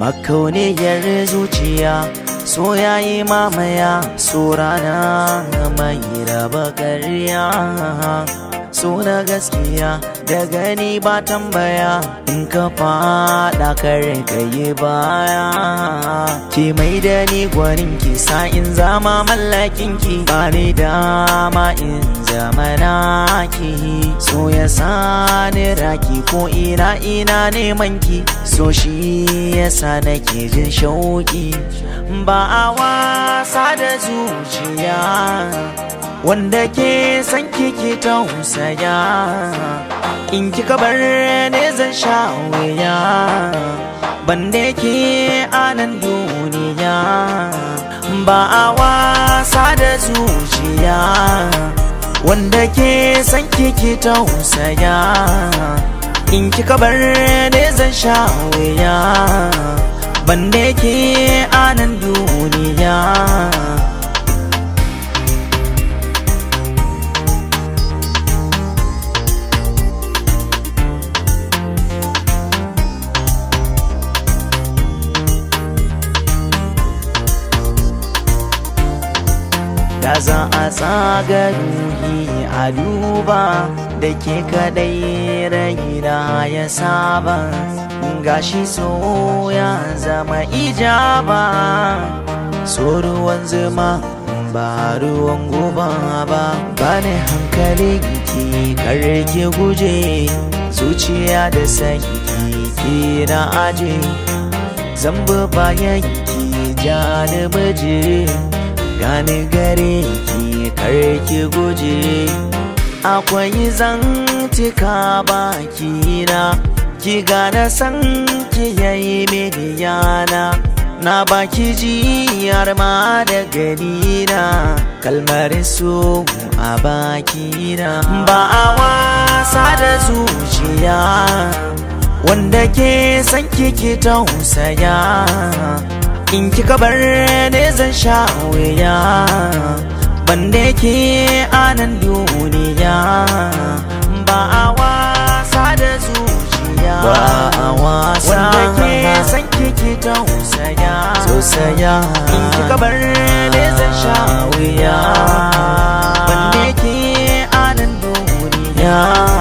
makauniyar zuciya so yi mamaya so rana mai raba ƙarya so na gaskiya da gani ba tambaya in ka faɗa kare kayi baya Ki mai da ni gwanin ki in zama mallakin ki ba ni dama in zama naki so ya sani raki ko ina ina neman ki so shi ya yasa nake jin shauki ba a wasa da zuciya wanda ke san kiki ta husaya in kika bar ne zan sha wuya banda ke anan duniya ba a wasa da zuciya wanda ke san kiki ta husaya in kika bar ne zan sha wuya banda ke anan duniya za a tsaga ruhi a duba da ke kadai raina ya saba gashi so ya zama ijaba so ruwan zuma ba ruwan guba ba Ba ne hankali ki karke guje zuciya da sanki ki na aje zamba bayan ki ja da gani gare ki karki guje akwai zantika baki na ki gane san ki yayi mini na baki jiyar ma da gani na kalmar so a baki na ba a wasa da zuciya wanda ke san ki ki tausaya in kika bar ne zan sha wuya banda ke anan duniya ba a wasa da zuciya ba a wasa wanda ke san kike tausaya tausaya in kika bar ne zan sha wuya banda ke anan duniya